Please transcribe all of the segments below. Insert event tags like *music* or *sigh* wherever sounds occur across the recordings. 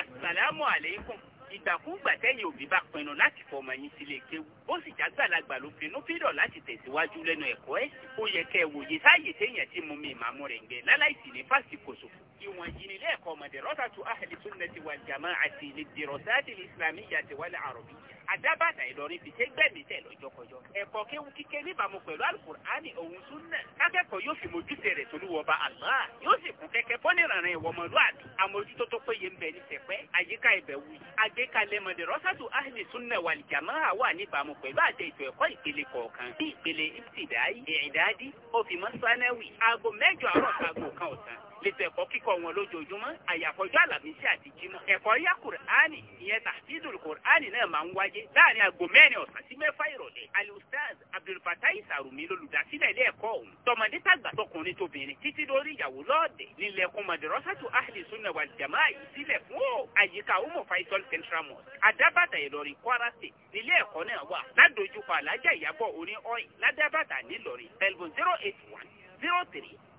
àgbàlámù àléékùn ìgbàkúgbà tẹ́yìn òbí bá pinnu láti fọmọ yín sílé kéwu ó sì jágbàlagbà ló pinnu fídọ̀ láti tẹ̀síwájú lẹ́nu ẹ̀kọ́ ẹ̀ ó yẹ kẹ́ ẹ wòye sáàyè téèyàn tí mu mi ìmàmú rẹ̀ ń gbẹ láláìsí ní fásitì ṣòfò. ìwọ̀n yìí nílé ẹ̀kọ́ ọmọdé rọ́tà tó ahli sunnati wal jama'ati lid dirasati al islamiyati wal arabiyya àdábàdà ìlọrin fi ṣe gbẹ̀mí tẹ̀ lọ́jọ́kọjọ́. ẹ̀kọ́ kéwu kíké níbàámu pẹ̀lú alukur'ani òun súnà. kákẹ́kọ̀ọ́ yóò fi mójútó rẹ̀ tolúwọba Allah yóò sì kú kẹ́kẹ́ bọ́ níranran ìwọ ọmọlúwàdù. àmójútó tó péye ń bẹ ní sẹ̀pẹ́ àyíká ibẹ̀ wù yìí. àgbékalẹ̀ madrasatu ahli sunna wal jamaa wà níbàámu pẹ̀lú àjẹ ètò ẹ̀kọ́ ìpele kọ̀ọ̀kan. bí ìpele ibtidai lẹ́tọ̀ ẹ̀kọ́ kíkọ́ wọn lójoojúmọ́ àyàfọ́jọ́ àlàmísì àti jímọ̀ ẹ̀kọ́ yá kùránì ìyẹn tàfíìdùl kùránì náà máa ń wáyé láàrin aago mẹ́rin ọ̀sán sí mẹ́fà ìrọ̀lẹ́ alustaz abdulfatai sarumi lolùdásílẹ̀ ilé ẹ̀kọ́ ọ̀hún tọmọdé tàgbà tọkùnrin tóbìnrin títí lórí ìyàwó lọ́ọ̀dẹ̀ nílẹ̀kùn madrasatu ahli sunna wal jamaa yìí sílẹ̀ fún ó àyíká umu faisal central mosque adábàtà ìlọrin kwara state nílé ẹ̀kọ́ náà wà ládojúkọ alájà ìyàbọ̀ orin ọ̀yìn ládábàtà nílọrin pẹ̀lú zero eight one zero three 35154903351545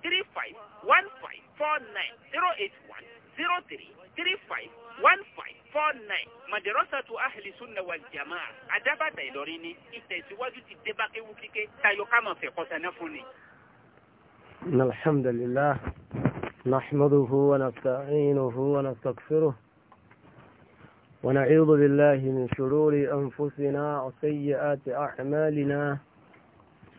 مدرسة أهل السنة والجماعة أدابا دايلوريني إتسواجو الحمد لله نحمده ونستعينه ونستغفره ونعوذ بالله من شرور أنفسنا وسيئات أعمالنا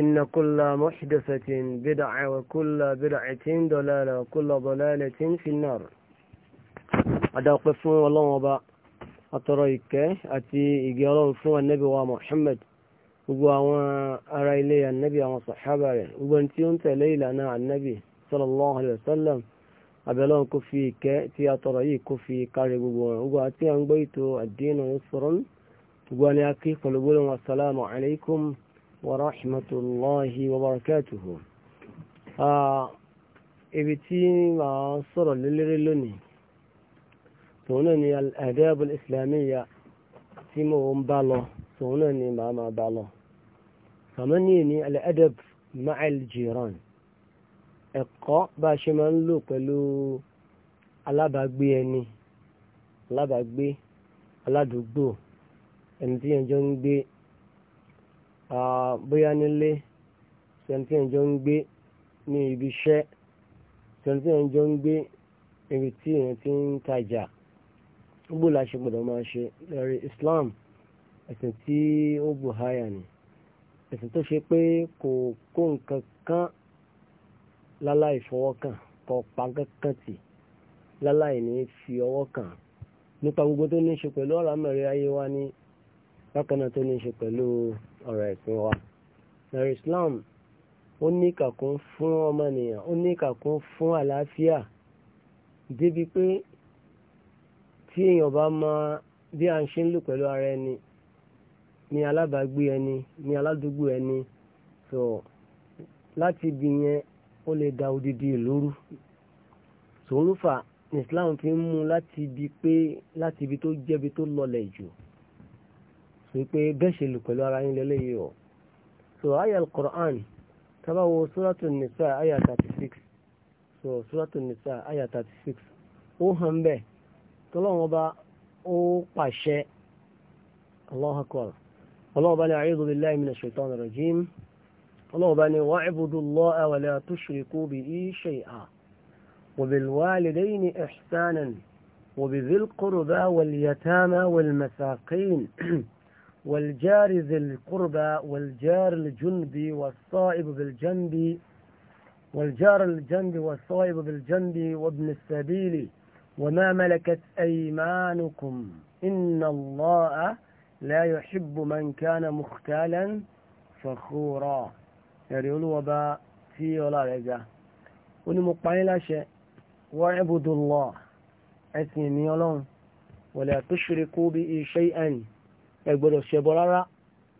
إن كل محدثة بدعة وكل بدعة ضلالة وكل ضلالة في النار أدعوك فون الله وبا أتريك أتي إجارون فون النبي ومحمد وقوى أرى إلي النبي وصحابه وبنتي أنت أنا النبي صلى الله عليه وسلم أبلون كفيك، fi ìkẹ́ كفي a tọrọ yìí kò fi kárí gbogbo wọn gbogbo àti à ń gbé ètò ad-dinu ورحمة الله وبركاته ibi tí ma sọ̀rọ̀ lélẹ́rẹ́ lónìí tòun náà ni al-adab al-islamiyya tí mo ń bá lọ tòun náà ni màá ma bá lọ kàmọ́ ní ní al-adab jiran ẹ̀kọ́ bá ṣe máa ń lò pẹ̀lú alábàágbé ẹni alábàágbé aládùúgbò ẹni tí yẹn ń gbé bóyá nílé sẹ̀ǹtì ẹ̀jọ́ ń gbé ní ibi iṣẹ́ sẹ̀ǹtì ẹ̀jọ́ ń gbé ibi tí èèyàn ti ń tajà gbogbo la ṣe gbọdọ̀ máa ṣe lórí Islam ẹ̀sìn tí ó bù háyà ni ẹ̀sìn tó ṣe pé kò kó nǹkan kan láláì fọwọ́ kàn kọ pa kankan tì láláì ní fi ọwọ́ kàn nípa gbogbo tó ní ṣe pẹ̀lú ọ̀rọ̀ àmọ̀rẹ́ ayé wa ní bákan náà tó ní ṣe pẹ̀lú ọ̀rọ̀ ẹ̀sìn wa ẹ̀rọ Islam ó ní kàkún fún ọmọnìyàn ó ní kàkún fún àlàáfíà débi pé tí èèyàn bá máa bí a ń ṣe ń lò pẹ̀lú ara ẹni ní alábàágbé ẹni ní aládùúgbò ẹni sọ láti ibi yẹn ó lè da odidi ìlúrú sòrúfà Islam fi ń mú láti ibi pé láti ibi tó jẹ́bi tó lọlẹ̀ jù wípé bẹ́ẹ̀ ṣe lù pẹ̀lú ara yín lélẹ́yìí o so aya al-Qur'an tabawo suratu nisa aya thirty so suratu nisa aya 36، six ó hàn bẹ́ẹ̀ tọ́lọ́wọ́n bá ó pàṣẹ Allahu akbar ọlọ́wọ́n bá ní a'udhu billahi minash shaitanir rajim ọlọ́wọ́n bá ní wa'budu Allaha wa la tushriku bihi shay'a wa bil walidayni ihsanan wa bi dhil qurba wal *clears throat* والجار ذي القربى والجار الجنبي والصائب بالجنب والجار الجنب والصائب بالجنب وابن السبيل وما ملكت أيمانكم إن الله لا يحب من كان مختالا فخورا يعني الوباء في ولا رجاء ونمقعين لا شيء واعبدوا الله أسمي ولا تشركوا به شيئا ẹ gbọ́dọ̀ ṣẹbọ rárá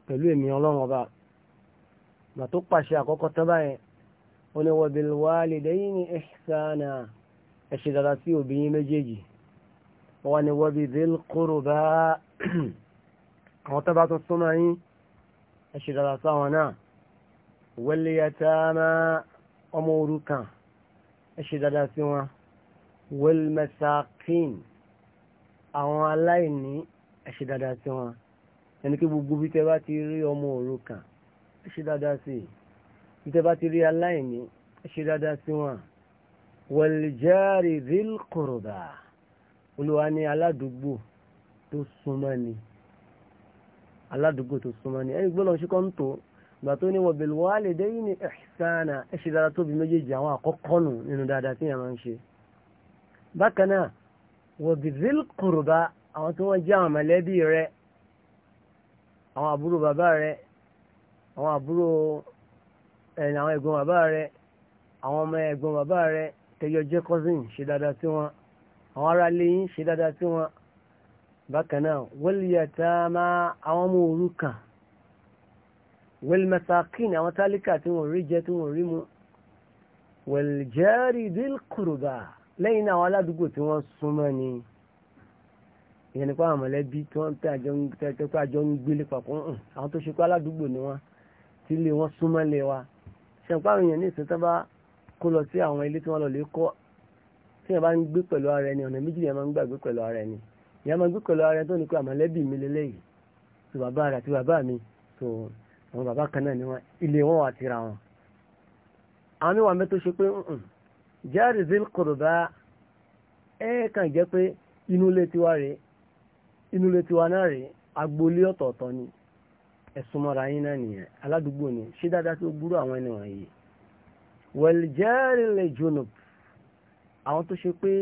pẹ̀lú èmi ọlọ́run ọba gbà tó pàṣẹ àkọ́kọ́ tán báyẹn ó ní wa bil walidayni ihsana ẹ ṣe dáadáa sí òbí yín méjèèjì wọ́n ní wa bi dhil qurba àwọn tó bá tún súnmọ́ yín ẹ ṣe sáwọn náà wal yatama ọmọ òrukàn ẹ ṣe dáadáa sí wọn wal masakin àwọn aláìní ẹ ṣe sí wọn ẹni pé gbogbo bí tẹ bá ti rí ọmọ òrukàn ẹ ṣe dáadáa sí i bí tẹ bá ti rí aláìní ẹ ṣe dáadáa sí wọn wẹ̀lìjáàrì rílkùrùbà olúwa ní aládùúgbò tó súnmọ́ ni aládùúgbò tó súnmọ́ ni ẹni gbọ́dọ̀ ṣe kọ́ ń tó gbà tó ní wọ̀bẹ̀l wálidayni ihsana ẹ ṣe dáadáa tóbi méjèèjì àwọn àkọ́kọ́ nù nínú dáadáa tí yẹn ń ṣe bákan náà wọ̀bẹ̀l rílkùrùbà àwọn tí wọ́n jẹ́ àwọn mọ̀lẹ́bí rẹ̀ àwọn àbúrò bàbá rẹ àwọn àbúrò ẹ̀yìn àwọn ẹ̀gbọ́n bàbá rẹ àwọn ọmọ ẹ̀gbọ́n bàbá rẹ tẹ̀yọ jẹ́ cousin ṣe dáadáa sí wọn àwọn ará lẹ́yìn ṣe dáadáa sí wọn bákan náà wẹ́lìyàtà máa àwọn ọmọ òrukàn wẹ́lìmẹ̀sàkín àwọn tálíkà tí wọ́n rí jẹ tí wọ́n rí mu wẹ́lìjẹ́rì dílkùrùbà náà àwọn aládùúgbò tí wọ́n súnmọ́ ni ìyẹn nípa àwọn mọ̀lẹ́bí tí wọ́n tẹ́ àjọ ń gbélé papọ̀ hàn àwọn tó ṣe pé aládùúgbò ni wọ́n tí ilé wọn súnmọ́ ilé wa ṣẹ̀pá àwọn èèyàn ní ìsìn tán bá kó lọ sí àwọn ilé tí wọ́n lọ lè kọ́ tí yẹn bá ń gbé pẹ̀lú ara ẹni ọ̀nà méjì yẹn máa ń gbàgbé pẹ̀lú ara ẹni ìyẹn máa ń gbé pẹ̀lú ara ẹni tó ní pé àmọ̀lẹ́bí mi lélẹ́yìí tó bàbá rẹ̀ àti bàbá inú ilé tiwa náà rèé agboolé ọ̀tọ̀ọ̀tọ̀ ni ẹ̀sùn mọ́ra yín náà nìyẹn aládùúgbò ni ṣé dáadáa tó burú àwọn ẹni wọ̀nyí wẹ̀lìjẹ́rì lè jóná àwọn tó ṣe pé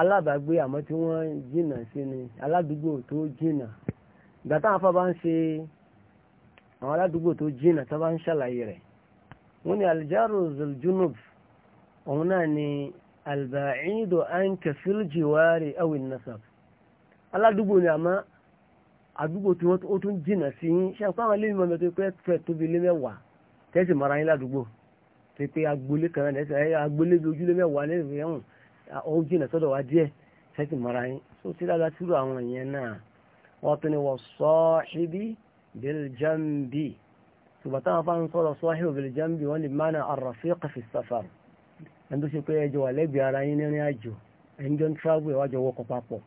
alábàágbé àmọ́ tí wọ́n jìnnà sí ni aládùúgbò tó jìnnà ìgbà táwọn afá bá ń ṣe àwọn aládùúgbò tó jìnnà tó bá ń ṣàlàyé rẹ̀ wọ́n ní alìjárò zuljónúb òun náà ni albàáìdò ànkẹ́fìlìjìwárì awin nasab aládùúgbò ni àmọ́ àdúgbò tí wọ́n ó tún jìnà sí yín ṣe àpá àwọn iléèwé mọ́tò pé fẹ́ tóbi ilé mẹ́wàá tẹ́sí mara yín ládùúgbò tí pé agboolé kan náà tẹ́sí agboolé bí ojúlé mẹ́wàá lẹ́yìn fẹ́ hàn ó jìnà sọ́dọ̀ wá díẹ̀ tẹ́sí mara yín tó ti dáadáa tírú àwọn ìyẹn náà wọ́n tún ni wọ́n sọ́ọ́hìbí bẹ́lẹ̀jàmbì ṣùgbọ́n táwọn afá ń sọ̀rọ̀ sọ́ọ́hìbí bẹ́lẹ̀jàmbì wọ́n lè mánà ar-rafiq fi safar ẹni tó ṣe pé ẹjọ́ wà lẹ́gbẹ̀ẹ́ ara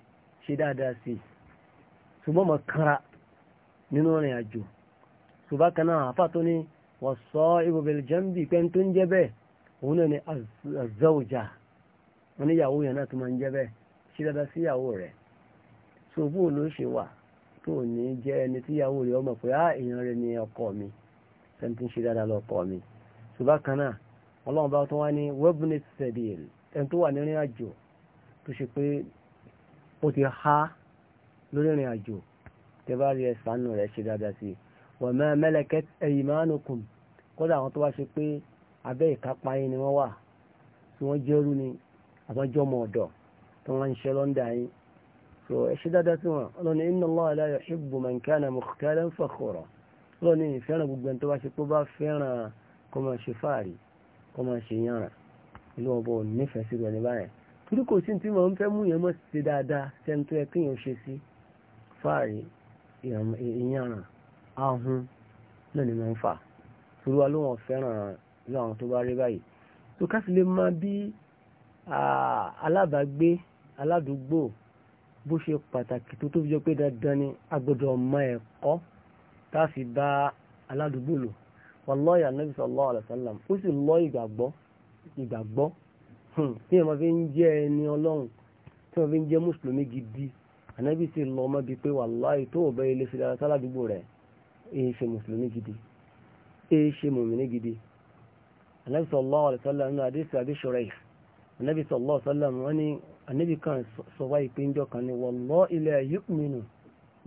ṣe dáadáa sí i ṣùgbọ́n mọ̀ kára nínú rìn àjò ṣùgbọ́n kan náà àfà tó ní wọ́n sọ ibùbẹ̀lẹ̀ jẹ́ǹbì pẹ́ tó ń jẹ́ bẹ́ẹ̀ òun náà ni azọ́ọ̀jà wọn ní ìyàwó yẹn náà tó máa ń jẹ́ bẹ́ẹ̀ ṣe dáadáa sí ìyàwó rẹ̀ ṣòbú ló ṣe wà tó ní jẹ́ ẹni tí ìyàwó rẹ̀ ọmọ pé èèyàn rẹ̀ ni ọkọ mi pẹ́ni tó ń ṣe dáadáa lọ́kọ mi ṣùgbọ́n kan náà ọlọ́run bá tó ó ti há lórí ìrìn àjò tẹ bá rí ẹ̀sánú rẹ̀ ṣe dáadáa sí wa ma malakat aymanukum kódà àwọn tó wá ṣe pé abẹ́ ìkápá yín ni wọ́n wà tí wọ́n jẹ́rú ni àbájọ́ ọmọ ọ̀dọ̀ tí wọ́n ń ṣe lọ́ndà yín so ẹ ṣe dáadáa sí wọn ọlọ́ni inna Allaha la yuhibbu man kana mukhtalan fakhura ìfẹ́ràn torí kò sí tí wọ́n fẹ́ mú yẹn mọ́ ṣe dáadáa sẹ́ńtọ́ ẹ kéèyàn ṣe sí fáàrí ìyànràn ahun náà ni wọ́n ń fà torí wa ló wọ́n fẹ́ràn láwọn tó bá rí báyìí tó káfí lè máa bí alábàágbé aládùúgbò bó ṣe pàtàkì tó tó fi jọ pé dandan ni a gbọ́dọ̀ mọ ẹ̀kọ́ tá a fi bá aládùúgbò lò wallahi Ànábì sallallahu alaihi wasallam ó sì lọ ìgbàgbọ́ ìgbàgbọ́ Hmm. tí èèyàn fi ń jẹ́ ẹni ọlọ́run tí wọ́n fi ń jẹ́ mùsùlùmí gidi ànábì sì lọ ọmọ bíi pé wàláì tó ò bẹ́ẹ̀ lè fi dára sáládùúgbò rẹ̀ èyí ṣe mùsùlùmí gidi èyí ṣe mùmìnì gidi ànábì sallallahu alaihi wasallam nínú àdéhùn àdéṣọrẹ yìí ànábì sallallahu alaihi wasallam wọn ni ànábì kan sọ wáyé pé ń jọ kan ni wallahi la yu'minu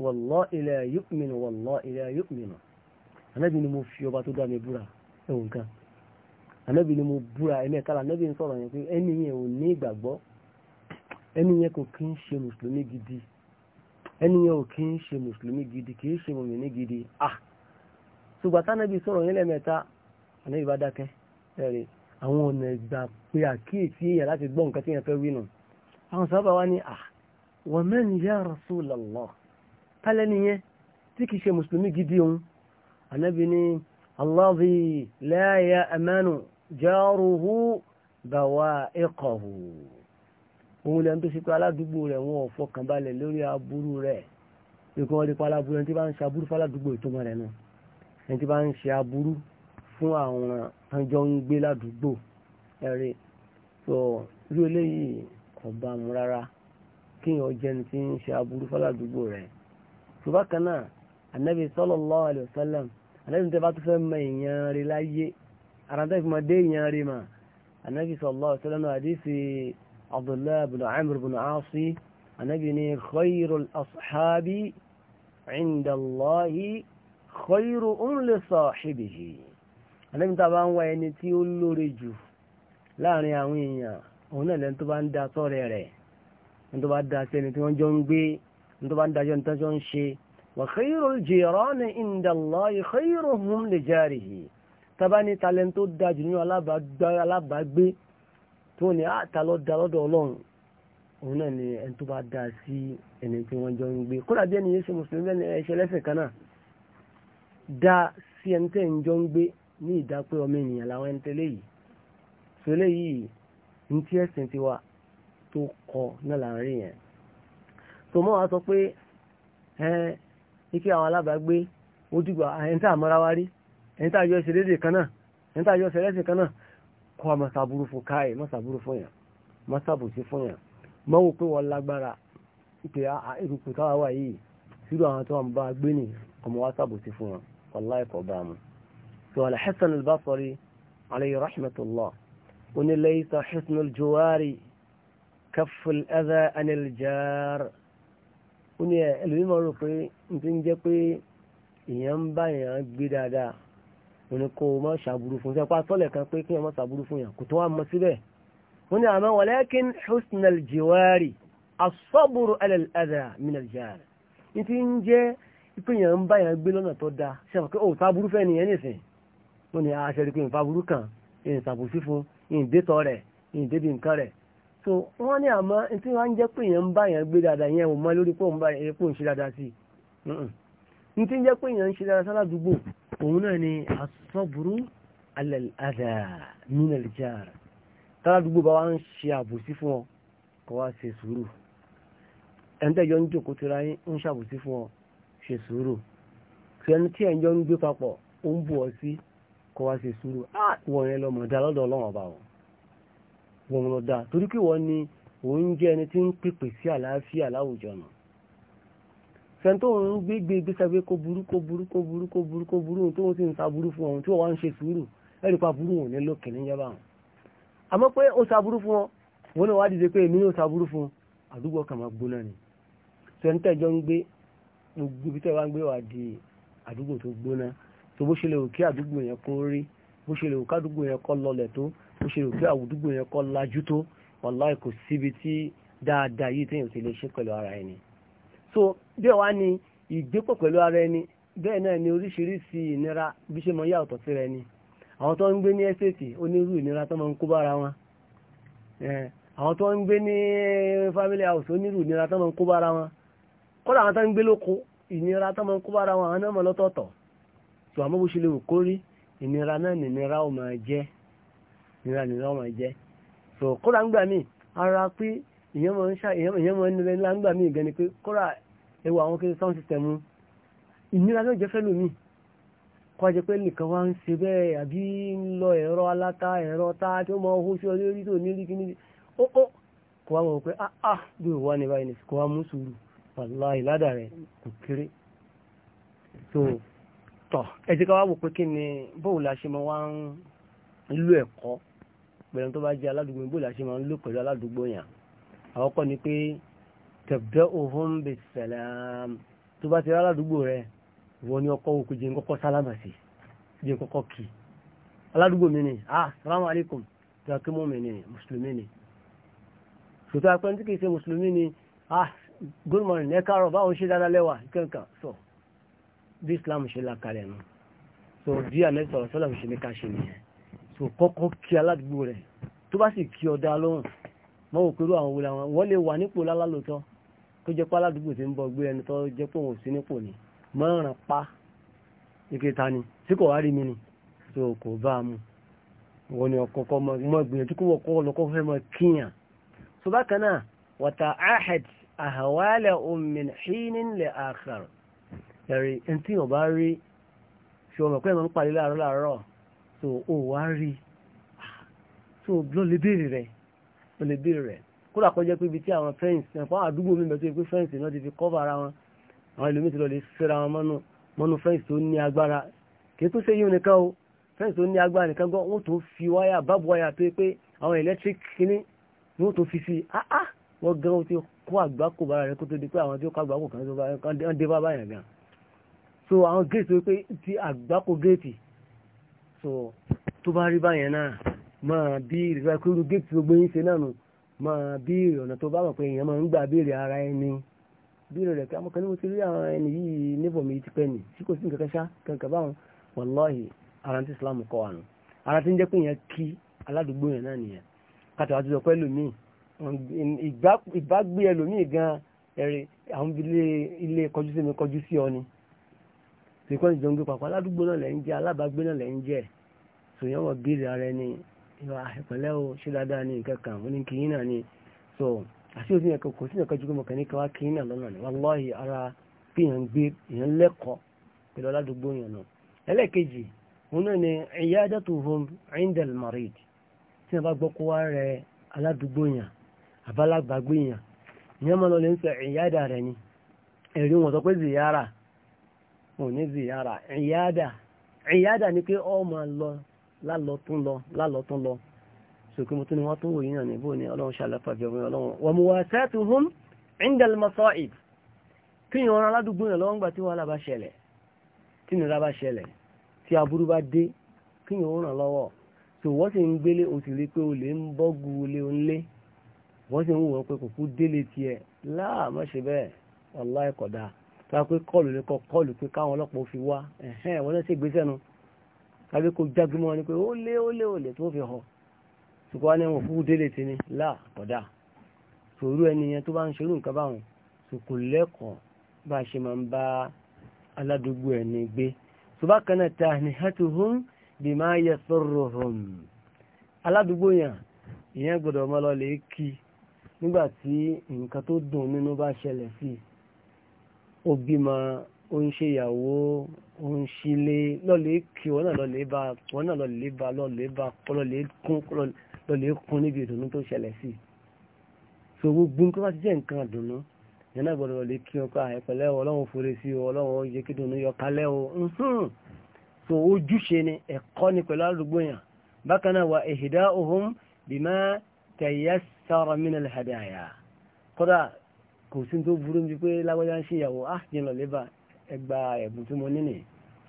wallahi la yu'minu wallahi la yu'minu ànábì ni mo fi ọba tó dá mi búra ẹ̀wọ̀n kan ànábì ni mo búra ẹ̀mẹ́kàlà ànábì ń sọ̀rọ̀ yẹn pé ẹni yẹn ò ní ìgbàgbọ́ ẹni yẹn kò kí ń ṣe mùsùlùmí gidi ẹni yẹn ò kí ń ṣe mùsùlùmí gidi kì í ṣe mùmìnì gidi ah ṣùgbọ́n tánábì sọ̀rọ̀ yẹn lẹ́ẹ̀mẹ́ta ànábì bá dákẹ́ ẹ̀rẹ̀ àwọn ọ̀nà ìgbà pé àkíyèsí èèyàn láti gbọ́ nǹkan tí yẹn fẹ́ wí nù àwọn sábà wá ní ah wa man ya jaruhu bawa'iqahu òun lẹ́nu tó ṣe pé aládùúgbò rẹ̀ wọn ò fọkàn balẹ̀ lórí aburú rẹ̀ ikú wọn lè pa aláburú ẹni tí bá ń ṣe aburú fáládùúgbò ìtọ́mọ̀ rẹ̀ náà ẹni tí bá ń ṣe aburú fún àwọn tánjọ́ ń gbé ládùúgbò ẹ̀rẹ́ tó rí eléyìí kò mu rárá kíyàn jẹ́ ní tí ń ṣe aburú fáládùúgbò rẹ̀ tó kan náà anabi sallallahu alayhi wa sallam anabi tẹ́ bá tó fẹ́ mọ èèyàn rẹ̀ láyé àràǹtà ìfìmọ̀ dé ìyàn rí mà anabi sallallahu alaihi wasallam àdìsí abdullahi bin amr bin aasi anabi ni khayrul ashabi inda allahi khayrun um li sahibihi anabi tá a bá ń wá ẹni tí ó lóore jù láàrin àwọn èèyàn òun náà lẹ́nu tó bá ń da sọ́rẹ́ rẹ̀ ní tó bá da sẹ́ni tí wọ́n jọ ń gbé ní tó bá ń dajọ́ ní tó jọ ń ṣe wa khayrul jirani inda allahi khayruhum li jarihi tàbá ní talent tó dájú ní alábàágbé tó ní àtàlọ́ da lọ́dọ̀ ọlọ́run òun náà ni ẹni tó bá dá sí ẹni tí wọ́n jọ ń gbé kódà bí ẹni yé ṣe mùsùlùmí bẹ́ẹ̀ ni ẹ̀ṣẹ̀ lẹ́sẹ̀ kan náà dá sí ẹni tẹ́ ń jọ ń gbé ní ìdápé ọmọ ènìyàn làwọn ẹni tẹ́lẹ̀ yìí sọlẹ̀ yìí ní tí ẹ̀sìn ti wà tó kọ náà láàrin yẹn tó mọ́ wa sọ pé ẹ ike àwọn alábàágbé ó ẹni tá àmọ́ra wa rí ẹni tá a jọ ṣe déédéé kan náà ẹni tá a jọ ṣe lẹ́sìn kan náà kọ́ ọ mọ́sàbúrú fún káyè mọ́sàbúrú fún yàn mọ́sàbùsí fún yàn mọ́ wò pé wọ́n lágbára pé ìrùkù táwa wà yìí sírò àwọn tó wà ń bá gbé ní ọmọ wa sàbùsí fún wọn wàláì kọ̀ bá mu. sọ al-Hasan al-Basri alayhi rahmatullah oní laysa hisnul juwari kaful adha anil jar oní ẹlòmíràn rò pé n ti ń jẹ́ pé èèyàn ń bá èèyàn gbé dáadáa wọn ni kó o má ṣàbùrù fún ṣe pa tọ́lẹ̀ kan pé kí wọn má ṣàbùrù fún yàn kò tó wà mọ́ síbẹ̀ wọn ni àmọ́ walakin husnal jiwari asọ́bùrù ẹlẹ́dà mìnàlìjáàr ní ti ń jẹ́ pé yàn ń bá yàn gbé lọ́nà tó dáa ṣe ó sábúrú fẹ́ nìyẹn nìsín wọn ni aṣọ rí pé ìfaburú kan ìṣàbùrù fífún ìdétọ̀ rẹ̀ ìdébí nǹkan rẹ̀ so wọ́n ní àmọ́ tí wọ́n ń jẹ́ pé yàn ń bá yàn gbé dáadáa yẹn ò ní tí ń jẹ́ pé èèyàn ń ṣe dára sáládùúgbò òun náà ni asọ́burú alẹ́lẹ́dà nínú ìjáàr sáládùúgbò bá wá ń ṣe àbòsí fún ọ kó wá ṣe sùúrù ẹ̀ńtẹ́jọ́ ń jòkó tira yín ń ṣàbòsí fún ọ ṣe sùúrù ẹni tí ẹ̀ńjọ́ ń gbé papọ̀ ó ń bù ọ sí kó wá ṣe sùúrù á wọ̀n yẹn lọ́mọ dá lọ́dọ̀ ọlọ́run ọba wọn wọn lọ dá torí pé wọ́n ni òun jẹ́ ẹni tí ń pèpè sí àlàáfíà láwùjọ náà sẹ́ńtò ń gbégbé gbéṣẹ́gbé kó burú kó burú kó burú kó burú kó burú tó ń sì ń sa burú fún ọ̀hún tí wọ́n wá ń ṣe sùúrù ẹ̀rí pa burú wọn ní lókè wọn. àmọ́ pé ó sa burú fún ọ wọn náà wá dìde pé èmi yóò sa burú fún àdúgbò kan máa gbóná ni. sẹ́ńtò ẹ̀jọ́ ń gbé gbogbo ibi tẹ́ wá ń gbé wà di àdúgbò tó gbóná tó bó ṣe lè wò kí àdúgbò yẹn kó rí bó ṣe lè wò kádùgbò kí àdúgbò yẹn kó lajú so bẹ́ẹ̀ wá ni ìgbépọ̀ pẹ̀lú ara ẹni bẹ́ẹ̀ náà ni oríṣiríṣi ìnira bí ṣe mọ yàtọ̀ sí rẹ ni àwọn tó ń gbé ní ẹ́sẹ̀tì onírú ìnira tó máa ń kó bára wọn àwọn tó ń gbé ní family house onírú ìnira tó máa ń kó bára wọn kọ́lá àwọn tó ń gbé lóko ìnira tó máa ń kó bára wọn àwọn náà mọ̀ lọ́tọ̀ọ̀tọ̀ tó àmọ́ bó ṣe lè wò kórí ìnira náà nìnira ò máa jẹ́ ìnira nìnira ò máa jẹ́ so kọ́lá ń gbà mí ara pé ìyẹn mọ̀ ń ṣá ìyẹn mọ̀ ń nílẹ̀ ńlá ń gbà mí gan ni pé kọ́lá ewu àwọn kí sound system ìnira ló jẹ́ fẹ́lú mi kọ́ jẹ́ pé nìkan wá ń ṣe bẹ́ẹ̀ àbí ń lọ ẹ̀rọ aláta ẹ̀rọ ta tí ó mọ owó sí ọdún orí tó ní rí kíní ó ó kò wá pé ah ah bí òun wá ní báyìí ní kò wá mú sùúrù wàláhì ládà rẹ̀ kò kéré so tọ̀ ẹ ti ká wá wò pé kí ni bóun la ṣe máa wá ń lo ẹ̀kọ́ pẹ̀lú tó bá jẹ́ aládùúgbò bóun la ṣe máa ń lò pẹ̀lú aládùúgbò yàn àwọn kọ́ ni pé tabda'uhum bis-salam tó bá ti rárá àdúgbò rẹ wọ́n ní ọkọ̀ òkú jẹ́ kọ́kọ́ sálámà sí jẹ́ kọ́kọ́ kì aládùúgbò mi ni ah salamu alaikum tó a kí mọ́ mi ni mùsùlùmí ni ṣùtọ́ apẹ́ tí kìí ṣe mùsùlùmí ni ah good morning ẹ káàrọ̀ báwọn ṣe dáadáa lẹ́wà kankan sọ bí islam ṣe la kalẹ̀ nù so bí anabi sọ̀rọ̀ sọ́làm ṣe ní ká ṣe nìyẹn so kọ́kọ́ kí aládùúgbò rẹ̀ tó bá sì kí ọ dá lóhùn mọ́ òkúrú àwọn wọlé wà nípò lálálòtọ́ tó jẹ́ pé aládùúgbò ti ń bọ́ gbé ẹni tó jẹ́ pé òun sí nípò ni mọ́ràn pa ìkẹta ni tí kò wá rí mi ni tó kò bá mu wọ́n ni ọkọ̀ọ̀kọ́ mọ́ gbìyànjú kí wọ́n kọ́ lọ́kọ́ fẹ́ mọ́ kíyàn so bákan náà wọ́ta ahad ahawala omin hinin lè àkàrọ̀ ẹ̀rí ẹni tí wọ́n bá rí fi ọmọ pẹ́ mọ́ ń parí láàárọ̀ láàárọ̀ so ó wá rí ah, so ló lè béèrè rẹ̀ ló lè béèrè rẹ̀ kódà kó jẹ́ pé ibi tí àwọn friends ẹ̀fọ́ àdúgbò mi bẹ̀tọ́ pé friends náà ti fi cover ara wọn àwọn ìlú mi ti lọ lè fẹ́ra wọn mọ́nú mọ́nú tó ní agbára kì í ṣe yín nìkan o friends tó ní agbára nìkan gan wọ́n tó fi wáyà báàbù wáyà tó pé àwọn electric kìíní ni wọ́n tó fi sí ah ah wọ́n gan o ti kó àgbákò bára rẹ̀ kó tó di pé àwọn tí ó kó àgbákò kan tó bá dé bá báyàn gan so àwọn gate tó pé ti àgbákò gate so tó bá rí báyẹn náà máa bí ìrírá pé irú gate tó gbóyún ṣe náà nù máa béèrè ọ̀nà tó bá wà pé èèyàn máa ń gbà béèrè ara ẹni béèrè rẹ̀ pé àwọn kan ní mo ti rí àwọn ẹni yìí níbọ̀ mi ti pẹ́ nì tí kò sí nǹkan ṣá kankan báwọn wàláhì ara ti Islam kọ́ wa nù ara ti ń jẹ́ pé èèyàn kí aládùúgbò yẹn náà nìyẹn kàtà àti ìjọpẹ́ lòmíì ìbágbé ẹlòmíì gan ẹ̀rẹ̀ àwọn ilé kọjú sí mi kọjú sí ọ ni ṣèkọ́ni jọ ń gbé papọ̀ aládùúgbò náà lẹ́ ń jẹ́ alábàágbé náà lẹ́ jẹ́ ìwà ìpẹ̀lẹ́ o ṣe dáadáa ní nǹkan kan ní kìí náà ni so àti òsì ẹ̀kọ́ kò sí ẹ̀kọ́ jùlọ mọ̀kàn ní kí wá kìí náà lọ́nà ni wallahi ara bí èèyàn gbé èèyàn lẹ́kọ̀ọ́ pẹ̀lú aládùúgbò yẹn nù ẹlẹ́ẹ̀kejì òun náà ni iyadatuhum indal marid tí wọ́n bá gbọ́ kó wá rẹ aládùúgbò yẹn àbálàgbàgbé yẹn ìyẹn máa lọ lè ń sọ ìyáda rẹ ni ẹ̀rí wọn sọ pé ziyara wọn ní ziyara ìyáda ìyáda ni pé ọ máa lọ lálọ tún lọ lálọ tún lọ sókè mo tún ni wọ́n tún wòye náà níbò ní ọlọ́run ṣàlẹ́fà jẹ́ ọmọ ọlọ́run wọ́n mú wá sẹ́ẹ̀tù hún indal masa'ib kí ni ọ̀rọ̀ aládùúgbò yẹn lọ́wọ́ ń gbà tí wàhálà bá ṣẹlẹ̀ tí nira bá ṣẹlẹ̀ tí aburú bá dé kí ni ọ̀rọ̀ lọ́wọ́ tó wọ́n sì ń gbélé o sì rí pé o lè ń bọ́gu olè ńlé wọ́n sì ń wò pé kò kú délé tiẹ̀ láà ṣe bẹ́ẹ̀ wàláì kódà tàbí kò jágúmọ́ wọn ni pé ó lé ó lé ó lè tó fi họ ṣùgbọ́n wọn ni wọn fún délé ti ní láà kọ̀dá sòrú ẹni yẹn tó bá ń ṣerú nǹkan báwọn sòkò lẹ́kọ̀ọ́ bá ṣe máa ń bá aládùúgbò ẹni gbé ṣùgbọ́n kan ta ni hatuhum bima yasurruhum aládùúgbò yẹn ìyẹn gbọ́dọ̀ mọ́ lọ lè kí nígbà tí nǹkan tó dùn nínú bá ṣẹlẹ̀ sí i ó ó ń ṣe ìyàwó ó ń ṣílé lọ́lẹ̀ kí wọ́n náà lọ́lẹ̀ bá wọ́n náà lọ́lẹ̀ bá lọ́lẹ̀ bá lọ́lẹ̀ kún lọ́lẹ̀ kún níbi ìdùnnú tó ṣẹlẹ̀ sí i so gbogbo nǹkan bá ti jẹ́ nǹkan àdùnnú yẹn náà gbọ́dọ̀ lọ́lẹ̀ kí ọkọ àìpẹ̀lẹ́ ọlọ́run forí sí ọ ọlọ́run yẹ kí dùnnú yọ kalẹ́ o so ojúṣe ni ẹ̀kọ́ ni pẹ̀lú àdúgbò yàn bákan náà wà ìhìdá ohun bímá tayassara min al kò sí tó burú bí pé lágbájá ń ṣe ìyàwó á jẹ́ lọ́lẹ́ bá ẹgbà ẹ̀bùn tí mo ní nì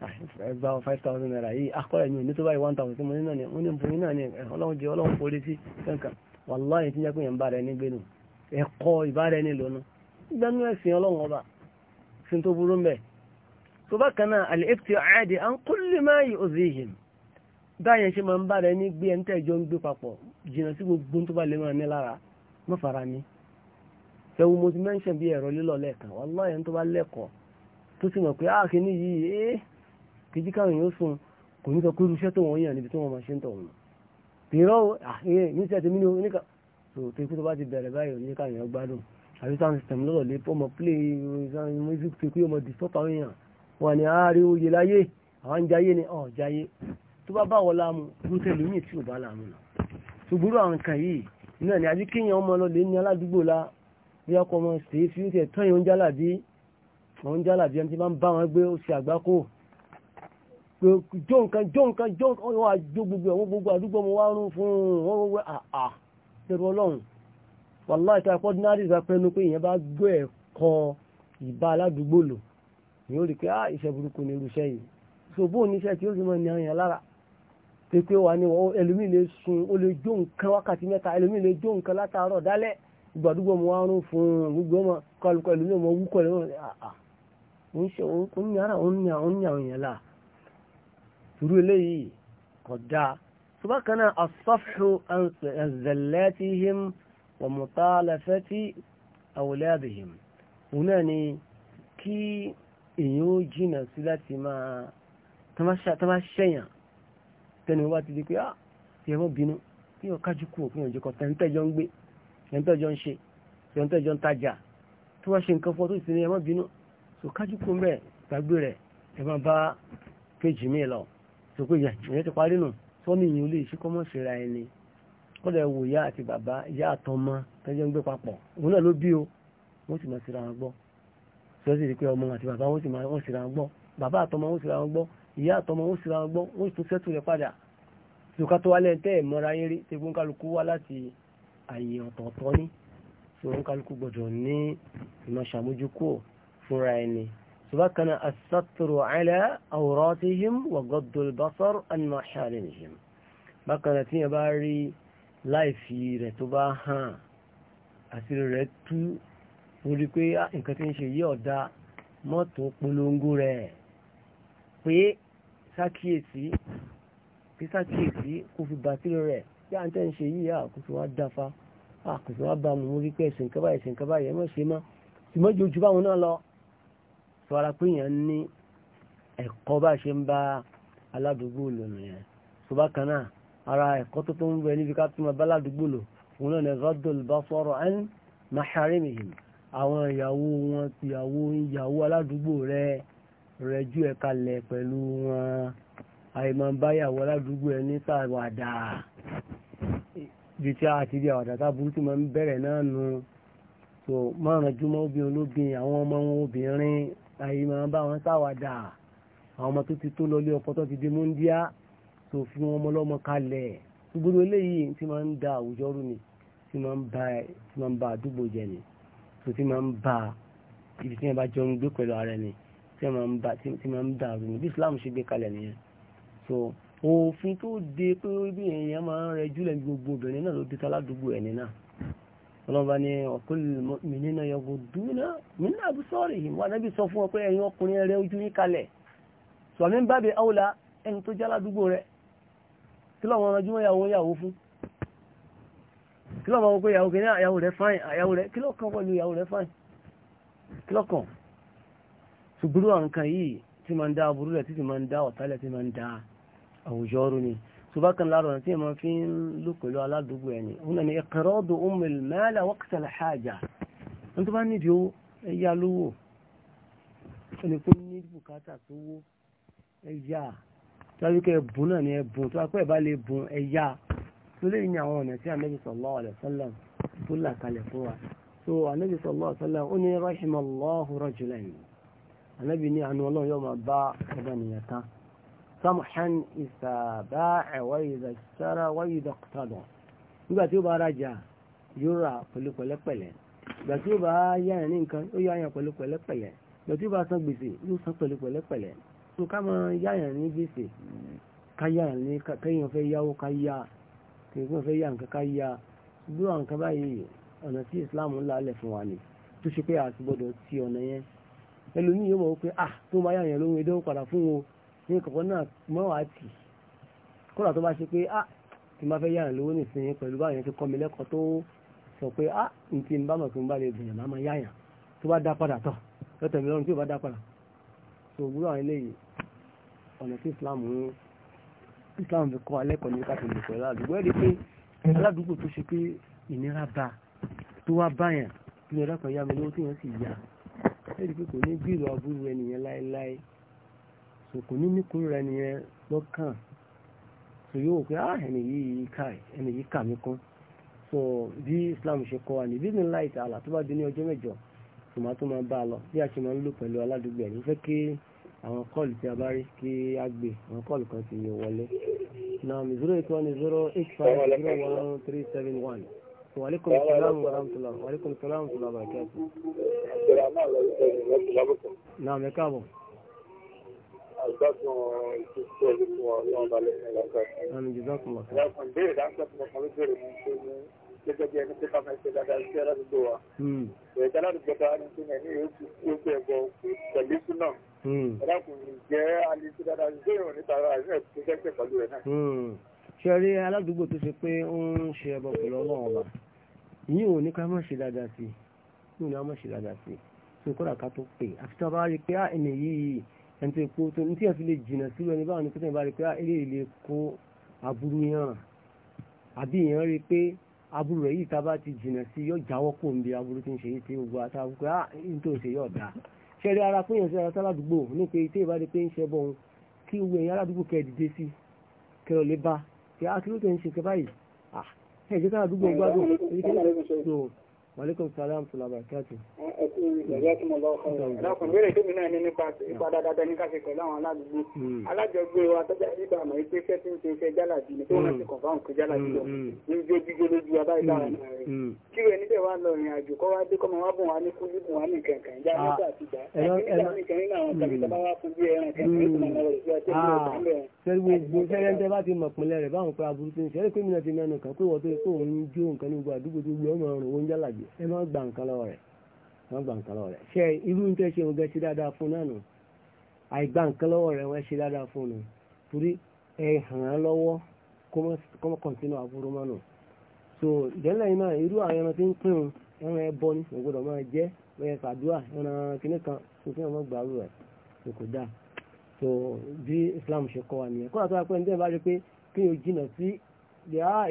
ah, ẹgbà five thousand naira yìí akọ́rẹ̀ mi ò ní tó báyìí one thousand tí mo ní náà ni ó ní mo ní náà ni eh, ọlọ́run jẹ ọlọ́run forí sí kankan wàláyé tí jẹ́kùn yẹn ń bára ẹni gbé nù ẹ̀kọ́ ìbára ẹni lónà gbẹ́nu ẹ̀sìn ọlọ́run ọba fi tó burú mbẹ́ tó bá kan náà àlè ètò àádé à ń kúlè máa yìí ó sì yìí báyẹn ṣe máa ń bára ẹni gbé ẹni tẹ́jọ́ ń gbé papọ̀ jìnnà sí gbogbo tó bá lè máa ní lára mọ́ fara mi mo ti mẹ́ńṣẹ̀ bí ẹ̀rọ lílọ lẹ́ẹ̀kan wàláyé tó bá lẹ́kọ̀ọ́ tó sì mọ̀ pé áàkì ah, ní yìí ẹ́ eh, kìí káwọn èèyàn sùn kò ní sọ pé irúṣẹ́ tó wọ́n yàn níbi tó wọ́n máa ṣe ń tọ̀hún tèrọ àhẹ́ ah, eh, ní sẹ́ẹ̀tì mí oníkà tó tó ikú tó bá ti bẹ̀rẹ̀ báyìí ní èèyàn gbádùn àbí sound system lọ́rọ̀ lé ọmọ play music tó kí ọmọ disturb àwọn èèyàn wọn ni àárẹ̀ ah, oyè láyé àwọn ń jayé ni ọ̀ jayé tó bá bá wọ láàmú rútẹ́ lómi tí ò bá láàmú nà ṣùgbúrú àwọn nǹkan yìí náà ni àbí kéèyàn ọmọ lọ lè ní aládùúgbò la bí ọkọ̀ ọmọ ṣèé fi ó tẹ̀ tán ìhóúnjálàbí àwọn jálàbí ẹni tí máa ń bá wọn gbé ó ṣe àgbákò pé jó nǹkan jó nǹkan jó nǹkan wọn wá jó gbogbo ẹ̀wọ̀n gbogbo àdúgbò mo wá rún fún un wọ́n wọ́n ni ó rí ah iṣẹ́ burúkú so bóun níṣẹ́ tí ó sì mọ ní àyàn lára pé pé wà ní ẹlòmíì lè sun ó lè jó nǹkan wákàtí mẹ́ta ẹlòmíì lè jó nǹkan látàárọ̀ dálẹ̀ ń ṣe òun ní ara òun ní àwọn ní àwọn èèyàn là irú eléyìí kò dáa ṣùgbọ́n asọ́fù ẹ̀zẹ̀lẹ́tìhìm wọ̀mùtálẹ́fẹ́tì àwòlẹ́bìhìm òun náà ni kí èèyàn ó jìnà sí láti máa tọ́bá ṣẹ̀yàn tẹnu wá ti di pé ah ti ẹmọ́ bínú kí wọ́n kájú kú òpin òjò kan tẹ̀ǹtẹ̀jọ́ ń gbé tẹ̀ǹtẹ̀jọ́ ń ṣe tẹ̀ǹtẹ̀jọ́ ń tajà tó ṣe nǹkan fún tó sì ní ẹmọ́ bínú so kájú kó mẹ́ gbàgbé rẹ̀ ẹ máa bá péjì mi lọ so pé ìyẹn ti parí nù sọ́mi ìyẹn ò lè ṣe kọ́mọ́ síra ẹni kọ́dọ̀ ẹ̀wò ìyá àti bàbá ìyá àtọmọ tẹ́jọ́ ń gbé papọ̀ òun náà ló bí o wọ́n sì máa síra wọn gbọ́ sọ́sì rí pé ọmọ àti bàbá wọ́n sì máa síra wọn gbọ́ bàbá àtọmọ wọ́n síra wọn gbọ́ ìyá àtọmọ wọ́n síra wọn gbọ́ wọ́n sì tún sẹ́tù rẹ̀ padà tòká tó wálé tẹ́ ẹ̀ mọ́ra yín rí tẹ́gbọ́n kálukú wá láti àyè ọ̀tọ̀ọ̀tọ̀ ní tòun kálukú gbọ́dọ̀ ní ìmọ̀ ṣàmójúkú fúnra ẹni ṣùgbọ́n asátúrò ala awratihim wa gaddul basar anna harinihim bákan tí yẹn bá rí láìfi rẹ̀ tó bá hàn àti rẹ̀ tú orí pé ah, nǹkan tí ń ṣe yí ọ̀dá mọ́tò polongo rẹ̀ pé sákíyèsí pé sákíyèsí kò fi bàtílò rẹ̀ tí a ń tẹ́ ń ṣe yíya ah, àkóso wá dáfa àkóso ah, wá bá mú rí ẹ̀sìn kaba ẹ̀sìn kaba ṣe mọ́ ṣùgbọ́n jù jù báwọn náà lọ sọ ara pé èèyàn ní ẹ̀kọ́ bá ṣe ń bá aládùúgbò lò nìyẹn sọ bákan náà ara ẹ̀kọ́ tó tó ń bẹ níbi ká tún bá aládùúgbò lò òun náà ní rọ́dọ̀l bá sọ̀rọ̀ ẹn maharimihim àwọn ìyàwó wọn ìyàwó ìyàwó aládùúgbò rẹ rẹ jù ẹ kalẹ̀ pẹ̀lú wọn àìmọ̀ báyàwó aládùúgbò ẹ ní sàwàdà ibi tí a ti àwàdà táburú tí máa ń bẹ̀rẹ̀ náà nu so márùn-ún jùmọ̀ obìnrin olóbìn àwọn ọmọ wọn obìnrin àyè máa bá wọn ṣàwàdà àwọn ọmọ tó ti tó lọ lé ọkọ tó ti di múndíá tó fi wọn ọmọ lọ́mọ kalẹ̀ gbogbo eléyìí tí máa ń da àwùjọ rú ni tí máa ń ba àdúgbò jẹ ni tó ti máa ń ba ibi tí wọn bá jọ ń gbé pẹ̀lú ara ẹni tí máa ń da àrùn ni bí Islam ṣe gbé kalẹ̀ nìyẹn so òfin tó de pé bí èèyàn máa ń rẹ jùlẹ̀ gbogbo obìnrin náà ló dé tá ládùúgbò ẹni náà ọlọ́ba ni ọ̀kọ́ mìíràn yọgbọ̀ dúnà mìíràn àbúsọ́rì wà náà bí sọ fún ọ pé ẹ̀yin ọkùnrin rẹ ojú ní kalẹ̀ sọ̀mí ń bábẹ̀ áwòlá ẹni tó jálá dúgbò rẹ kí lọ́wọ́ ọmọ ọjọ́ ìyàwó yàwó fún kí lọ́wọ́ ọmọ ìyàwó kìíní àyàwó rẹ fáìn àyàwó rẹ kí lọ́kàn pẹ̀lú سباكن لا رنتي ما فين لو كلو على دوبو يعني هنا اقراض ام المال وقت الحاجه انت بقى ني ديو يا لو ẹni kó ní bùkátà tó wó ẹ̀yà tọ́jú kẹ́ bùn náà ni ẹ̀bùn tó akọ́ ẹ̀bá lè bùn ẹ̀yà tó lè ní àwọn ọ̀nà tí Ànábì sallallahu alaihi wasallam tó là kalẹ̀ fún wa so Ànábì sallallahu alaihi wasallam ó سمحا إذا باع وإذا اشترى وإذا اقتضى nígbà tí ó bá rajà yóò rà pẹ̀lú pẹ̀lẹ́pẹ̀lẹ́ ìgbà tí ó bá yáyàn ní nǹkan ó yáyàn pẹ̀lú pẹ̀lẹ́pẹ̀lẹ́ ìgbà tí ó bá san gbèsè yóò san pẹ̀lú pẹ̀lẹ́pẹ̀lẹ́ tó ká mọ yáyàn ní gbèsè ká yáyàn ní kéèyàn fẹ́ yáwó ká yá kéèyàn fẹ́ yá nǹkan ká yá bí wọn kan báyìí ọ̀nà tí Islam ń lálẹ̀ fún wa ni tó ṣe pé àti gbọ́dọ̀ ti ọ̀nà yẹn ẹlòmíì yóò mọ̀ wípé ah tó máa yáyàn lóhun ẹdẹ́ ó padà fún wọn ní kọ̀kọ́ náà mọ́wàá tì kọ́lá tó bá ṣe pé ah tí máa fẹ́ yára lówó nìsín pẹ̀lú báyẹn ti kọ́ mi lẹ́kọ̀ọ́ tó sọ pé ah n ti bá mọ̀ pé n bá lè bìyàn máa yáyàn tó bá dá padà tọ̀ lọ́tọ̀ mi lọ́rùn tí ò bá dá padà tó gbúrò àwọn eléyìí ọ̀nà tí Islam ń Islam fi kọ́ alẹ́kọ̀ọ́ ní káfí lè pẹ̀lú àdúgbò ẹ̀rí pé aládùúgbò tó ṣe pé ìnira bá tó wá báyàn ní ọ̀dọ́ kan yá mi lówó tí wọ́n sì yá ẹ̀rí pé kò ní bí ìlú abúrú ẹnìyẹn láéláé so kò ní níkùn rẹ nìyẹn lọ́kàn so yóò pé ah ẹni yìí kà ẹni yìí kà mí kún so bí Islam ṣe kọ́ wa ní bí ní láì tààlà tó bá di ní ọjọ́ mẹ́jọ tòmá tó máa bá a lọ bí a ṣe máa ń lò pẹ̀lú aládùúgbò ẹ̀ ló fẹ́ kí àwọn kọ́ọ̀lù tí a bá rí kí á gbé àwọn kọ́ọ̀lù kan ti yẹ wọlé naam zero eight one zero eight five zero one three seven one waaleykum salaam wa rahmatulah waaleykum salaam wa rahmatulah barakatu. naam ẹ káàbọ̀ àgbàgbọ́n ìtòkùtò ìlú fún wa lọ́wọ́ balẹ̀ fún ìlàkàtà. Àmì ìjọba. Ìyàwó béèrè dáńtọ́ tí mo kàn ló béèrè mú pé ní gẹ́gẹ́ bí ẹni tó bá máa ṣe dáadáa sí aládùúgbò wa. Ìrẹ̀jẹ̀ hmm. aládùúgbò ta ni fún ẹni yóò ti kú ojú ẹ̀gbọ́ pẹ̀lú sún náà. Hmm. Ẹ̀dákùnrin jẹ́ alẹ́sí dáadáa sí ìrìn níta ara rẹ̀ tó jẹ́ pẹ̀lú rẹ̀ náà. Hmm. Ṣé rí aládùúgbò tó ṣe pé ó ń ṣe ẹbọ pẹ̀lú ọlọ́run ọba? Yín ò ní ká má ṣe dáadáa sí i. Yín ò ní ká má ṣe dáadáa sí i. Ṣé ẹni tó kó tó ní tí yẹn fi lè jìnà sí ẹni báwọn ní pé tẹ̀yìn bá rí pé eré ìlè kó aburú yẹn hàn àbí èèyàn rí pé aburú rẹ̀ yìí tábà ti jìnà sí yóò jáwọ́ kó ń bi aburú tí ń ṣe yìí tí gbogbo àtàwọn pé ah ní tó ṣe yóò dáa ṣẹ́rí ara pé èèyàn sí ara sáládùúgbò ní pé tí ìbá rí pé ń ṣe bọ̀ òun kí owó ẹ̀yìn aládùúgbò kẹ́ dìde sí kẹrọ lè bá kí á kí ló tẹ̀ ń ṣe kẹ báyìí ah Wàlékún sàlám tó làbà káàtì. Ẹ ti ìjẹ̀jẹ́ tí mo lọ kọ́ ọ̀rọ̀. Lákùn bèrè tó mi náà ní nípa ipa dáadáa ní káṣe pẹ̀lú àwọn aládùúgbò. Hmm. Alájọgbé wa tọ́jà nígbà àmọ́ ipe iṣẹ́ tí ń ṣe iṣẹ́ ni tó wọ́n hmm. ti kàn fáwọn kan jálàbí lọ. Hmm. Ní ijó jíjó lójú abá ìdára náà rẹ̀. Kí rẹ̀ níbẹ̀ wá lọ ìrìn àjò kọ́ wá dé kọ́mọ wá bùn wá ní kúlí bùn wá ní kankan. Ìjà nígbà ti gbà. Nígbà mi kan nínú àwọn tàbí tọ́ba wá fún bí ẹran kan ní ìtumọ̀ náà rẹ̀ sí ọjọ́ ìlú ọ̀tá mẹ́rin ẹ má gbà nǹkan lọ́wọ́ rẹ̀ má gbà nǹkan lọ́wọ́ rẹ̀ ṣe irú ní tẹ́ ṣe ọgẹ́ ṣe dáadáa fún náà nù àìgbà nǹkan lọ́wọ́ rẹ̀ wọ́n ṣe dáadáa fún nù torí ẹ hàn án lọ́wọ́ kó mọ́ kọ̀ǹtínú àbúrò mọ́ nù so ìdẹ́lẹ̀ iná irú àwọn ẹran tí ń pín un ẹran ẹbọ ní ògbọ́dọ̀ máa jẹ́ ẹran ṣàdúrà ẹran kìnnì kan tó fi hàn mọ́ gbàrú rẹ̀ tó kò dáa so bí Islam ṣe kọ́ wa nìyẹn kó àtúwà pé ǹjẹ́ bá rí pé kí n ò jìnà sí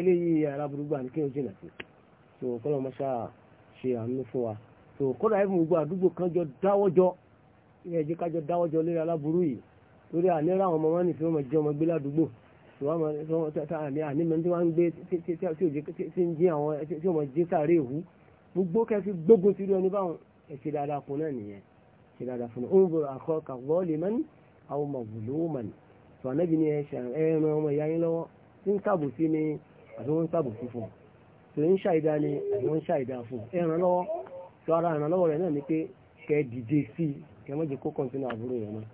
ilé yìí aláburúgbà ni kí n ò jìnà sí so kọ́lọ́ mọ́ṣáà ṣe àánú fún wa tó kódà ẹ̀fọn gbogbo àdúgbò kan jọ dáwọ́jọ́ ilé ẹ̀jẹ̀ kájọ dáwọ́jọ́ lórí aláburú yìí lórí àníra àwọn ọmọ wọn nìfẹ́ wọn jẹ́ ọmọ gbé ládùúgbò ànímọ̀ tí wọ́n ń gbé tí ń jí àwọn tí wọ́n jí sáré ìhú gbogbo kẹfí gbógun ti rí ẹni báwọn ẹ̀ṣẹ̀ dáadáa fún náà nìyẹn ẹ̀ṣẹ̀ dáadáa fún náà ó ń bọ̀ àkọ́ kàwọ́ lè mẹ́ni àwọn ọmọ ni ẹ̀ṣẹ̀ ẹ̀ràn ọmọ ìyá tòun ń ṣàìdá ni àwọn ń ṣàìdá fún ẹran lọ́wọ́ tó ara ẹran lọ́wọ́ rẹ̀ náà ni pé kẹ́ dìde sí i kẹ́ mọ́jẹ kó kọ́ńtínú àbúrò rẹ̀ náà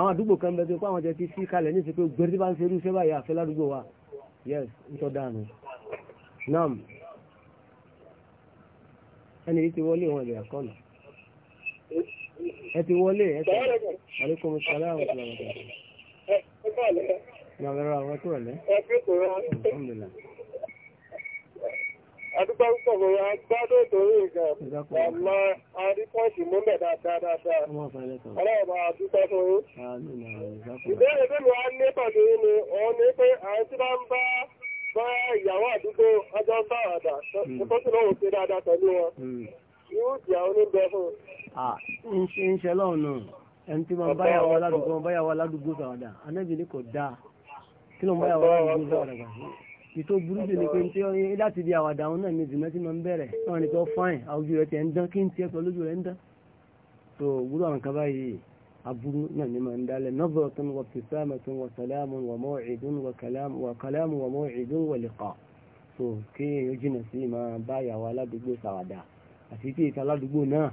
àwọn àdúgbò kan bẹ tó pé àwọn jẹ ti sí kalẹ̀ ní ti pé gbẹ̀rẹ̀ tí bá ń ṣe irú báyìí àfẹ́ ládùúgbò wa yes ń tọ́ dáa nù nam ẹni yìí ti wọlé wọn ìbẹ̀rẹ̀ kọ́nù ẹ ti wọlé ẹ ti àlékún sálá àwọn ìṣẹ̀lẹ̀ àwọn ìṣẹ̀lẹ̀. ẹ ẹ bọ́ọ̀lẹ́. ní àwọn ẹ̀rọ àwọn tó rẹ̀ lẹ́. ẹ fi kò rọ dúpẹ́ púpọ̀ fún wa gbádùn ètò orí nǹkan ọ̀la adípọ́ǹsì múlẹ̀ dáadáa dáadáa ọlọ́run bá dúpẹ́ fún yín. ìbéèrè bí wàá ní pàdé yín ni òun ni pé àwọn tí wọ́n bá bá ìyàwó àdúgbò ọjọ́ ń bá àdá tó sì lóun ṣe dáadáa pẹ̀lú wọn irú ìjà oníbẹ̀ fún un. ń ṣe lọ́run náà ẹni tí wọ́n báyàwó aládùúgbò báyàwó aládùúgbò sàwádà anábìlẹ̀ kò dáa kí ló ń báyàwó aládùúgbò sàwádà gbà ètò burú jù ní pé tí ó láti bí àwàdà àwọn náà ní ìdìmọ́ tí máa ń bẹ̀rẹ̀ wọn ni tó fáìn àwùjọ rẹ̀ tẹ̀ ń dán kí n tiẹ̀ pẹ̀lú ojú rẹ̀ ń dán tó wúrọ̀ àwọn kan báyìí aburú náà ni máa ń dálẹ̀ nazratun wa ibtisamatun wa salamun wa maw'idun wa kalamun wa maw'idun wa liqa tó kí èèyàn jìnà sí máa bá ìyàwó aládùúgbò sàwàdà àti tí ìta aládùúgbò náà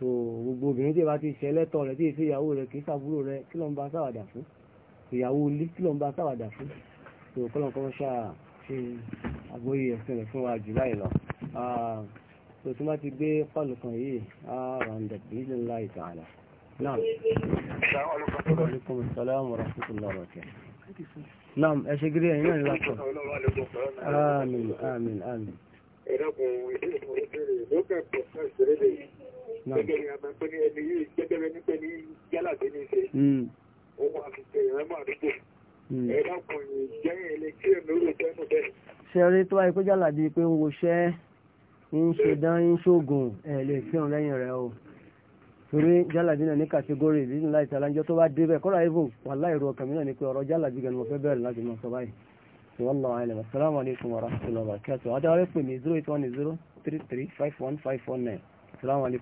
tó gbogbo obìnrin tí ìbá ti ṣe ẹlẹ́tọ̀ rẹ̀ tí ìṣe ìyàwó rẹ̀ kì í sàbúrò rẹ̀ kí ló ń bá sàwàdà fún ìyàwó ilé kí ló ń bá sàwàdà fún tó kọ́lọ́n kọ́ ṣáà ṣe àgbóyè ẹ̀sìn rẹ̀ fún wa jù báyìí lọ tó tí wọ́n ti gbé pọ́ọ̀lù kan yìí àrọ̀ǹdẹ̀ bí ló ń la ìtàn àlà náà alaikum salaam wa rahmatullahi wa barakatuh náà ẹ ṣe gírí ẹ̀yìn náà lápò àmín àmín àmín. ẹ̀rọ̀kùn ìbéèrè lókè pọ̀ fún ìṣẹ̀lẹ̀ yìí gẹ́gẹ́ ni àmọ́ pé ní ẹni yìí gẹ́gẹ́ ni pé ní yálà bí ní ṣe òun hmm. àti ṣe ìrẹ́mọ̀ ṣẹ́rí hmm. tó wáyé pé jàlàbí pé ń woṣẹ́ ń ṣe dán ń ṣoògùn ẹ̀ lè fi hàn lẹ́yìn rẹ̀ o torí jàlàbí náà ní kàtígórì nínú láì tàlàjọ tó bá débẹ̀ kọ́ra even wà láìrò ọkàn mìíràn ní pé ọ̀rọ̀ jàlàbí gan ni mo fẹ́ bẹ̀rẹ̀ láti mọ̀ sọ báyìí wallahu a'lam assalamu alaikum wa rahmatullahi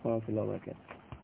wa barakatuh